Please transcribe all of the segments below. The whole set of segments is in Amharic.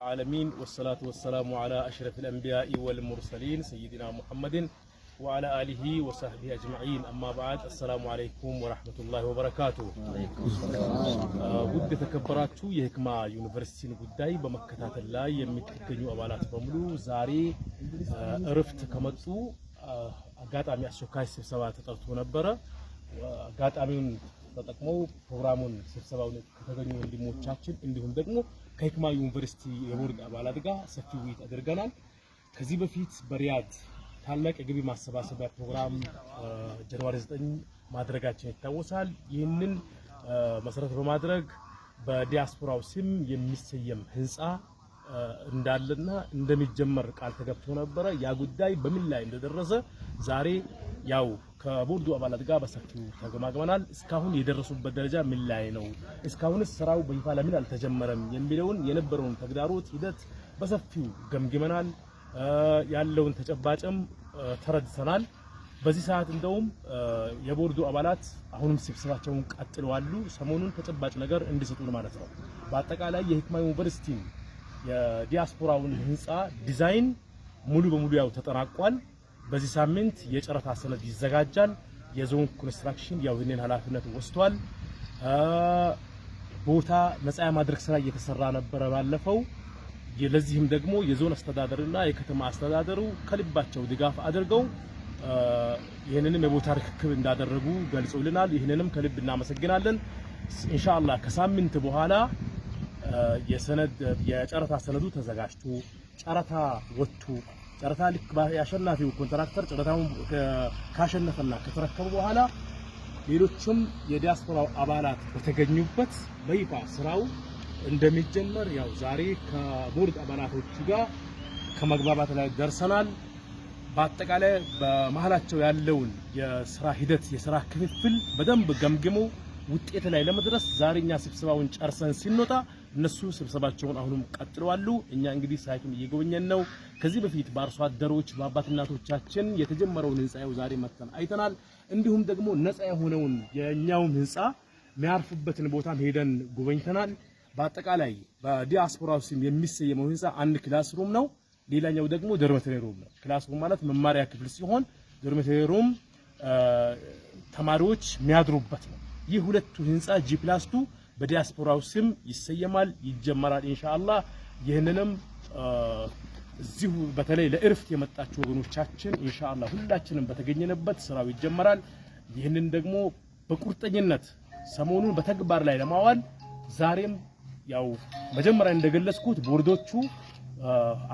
العالمين والصلاة والسلام على أشرف الأنبياء والمرسلين سيدنا محمد وعلى آله وصحبه أجمعين أما بعد السلام عليكم ورحمة الله وبركاته ውድ የተከበራችሁ የህክማ ዩኒቨርሲቲን ጉዳይ በመከታተል أبالات بملو زاري آه، رفت كمتو እረፍት آه، أمي أسوكاي سبسوات ስብሰባ ተጠርቶ ነበረ። أمي ተጠቅመው ፕሮግራሙን ስብሰባውን ከተገኙ ወንድሞቻችን እንዲሁም ደግሞ ከሂክማ ዩኒቨርሲቲ የቦርድ አባላት ጋር ሰፊ ውይይት አድርገናል። ከዚህ በፊት በሪያድ ታላቅ የገቢ ማሰባሰቢያ ፕሮግራም ጀንዋሪ 9 ማድረጋችን ይታወሳል። ይህንን መሰረት በማድረግ በዲያስፖራው ስም የሚሰየም ህንፃ እንዳለና እንደሚጀመር ቃል ተገብቶ ነበረ። ያ ጉዳይ በምን ላይ እንደደረሰ ዛሬ ያው ከቦርዱ አባላት ጋር በሰፊው ተገማግመናል። እስካሁን የደረሱበት ደረጃ ምን ላይ ነው፣ እስካሁንስ ስራው በይፋ ለምን አልተጀመረም የሚለውን የነበረውን ተግዳሮት ሂደት በሰፊው ገምግመናል። ያለውን ተጨባጭም ተረድተናል። በዚህ ሰዓት እንደውም የቦርዱ አባላት አሁንም ስብሰባቸውን ቀጥለዋሉ። ሰሞኑን ተጨባጭ ነገር እንዲሰጡን ማለት ነው። በአጠቃላይ የሂክማ ዩኒቨርሲቲ የዲያስፖራውን ህንፃ ዲዛይን ሙሉ በሙሉ ያው ተጠናቋል። በዚህ ሳምንት የጨረታ ሰነድ ይዘጋጃል። የዞን ኮንስትራክሽን ያው ይህንን ኃላፊነት ወስቷል። ቦታ ነፃ ማድረግ ስራ እየተሰራ ነበረ ባለፈው። ለዚህም ደግሞ የዞን አስተዳደርና የከተማ አስተዳደሩ ከልባቸው ድጋፍ አድርገው ይህንንም የቦታ ርክክብ እንዳደረጉ ገልጾልናል ይህንንም ከልብ እናመሰግናለን። ኢንሻአላህ ከሳምንት በኋላ የሰነድ የጨረታ ሰነዱ ተዘጋጅቶ ጨረታ ወጥቶ ጨረታ ልክ ያሸናፊው ኮንትራክተር ጨረታውን ካሸነፈና ከተረከቡ በኋላ ሌሎችም የዲያስፖራው አባላት በተገኙበት በይፋ ስራው እንደሚጀመር ያው ዛሬ ከቦርድ አባላቶቹ ጋር ከመግባባት ላይ ደርሰናል። በአጠቃላይ በመሀላቸው ያለውን የስራ ሂደት የስራ ክፍፍል በደንብ ገምግሞ ውጤት ላይ ለመድረስ ዛሬኛ ስብሰባውን ጨርሰን ሲንወጣ እነሱ ስብሰባቸውን አሁንም ቀጥለዋሉ። እኛ እንግዲህ ሳይቱን እየጎበኘን ነው። ከዚህ በፊት በአርሶ አደሮች በአባት እናቶቻችን የተጀመረውን ህንፃ ይኸው ዛሬ መጥተን አይተናል። እንዲሁም ደግሞ ነፃ የሆነውን የኛውም ህንፃ የሚያርፉበትን ቦታም ሄደን ጎበኝተናል። በአጠቃላይ በዲያስፖራው ስም የሚሰየመው ህንፃ አንድ ክላስ ሩም ነው። ሌላኛው ደግሞ ዶርሜተሪ ሩም ነው። ክላስ ሩም ማለት መማሪያ ክፍል ሲሆን ዶርሜተሪ ሩም ተማሪዎች የሚያድሩበት ነው። ይህ ሁለቱ ህንፃ ጂ ፕላስ በዲያስፖራው ስም ይሰየማል፣ ይጀመራል። ኢንሻአላህ ይህንንም እዚሁ በተለይ ለእርፍት የመጣችሁ ወገኖቻችን ኢንሻአላህ ሁላችንም በተገኘንበት ስራው ይጀመራል። ይህንን ደግሞ በቁርጠኝነት ሰሞኑን በተግባር ላይ ለማዋል ዛሬም ያው መጀመሪያ እንደገለጽኩት ቦርዶቹ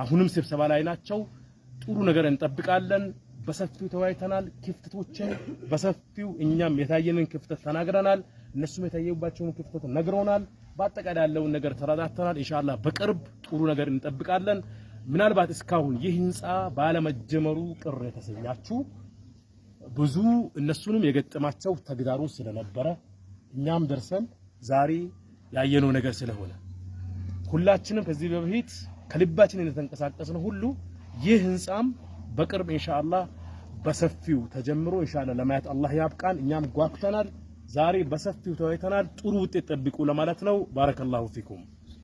አሁንም ስብሰባ ላይ ናቸው። ጥሩ ነገር እንጠብቃለን። በሰፊው ተወያይተናል። ክፍተቶችን በሰፊው እኛም የታየንን ክፍተት ተናግረናል። እነሱም የታየባቸውን ክፍተት ነግረውናል። በአጠቃላይ ያለውን ነገር ተረዳተናል። ኢንሻአላህ በቅርብ ጥሩ ነገር እንጠብቃለን። ምናልባት እስካሁን ይህ ህንፃ ባለመጀመሩ ቅር የተሰኛችሁ ብዙ እነሱንም የገጠማቸው ተግዳሮት ስለነበረ እኛም ደርሰን ዛሬ ያየነው ነገር ስለሆነ ሁላችንም ከዚህ በፊት ከልባችን የተንቀሳቀስነው ሁሉ ይህ ህንፃም በቅርብ ኢንሻአላህ በሰፊው ተጀምሮ ኢንሻአላህ ለማየት አላህ ያብቃን። እኛም ጓጉተናል። ዛሬ በሰፊው ተወይተናል። ጥሩ ውጤት ጠብቁ ለማለት ነው። ባረከላሁ ፊኩም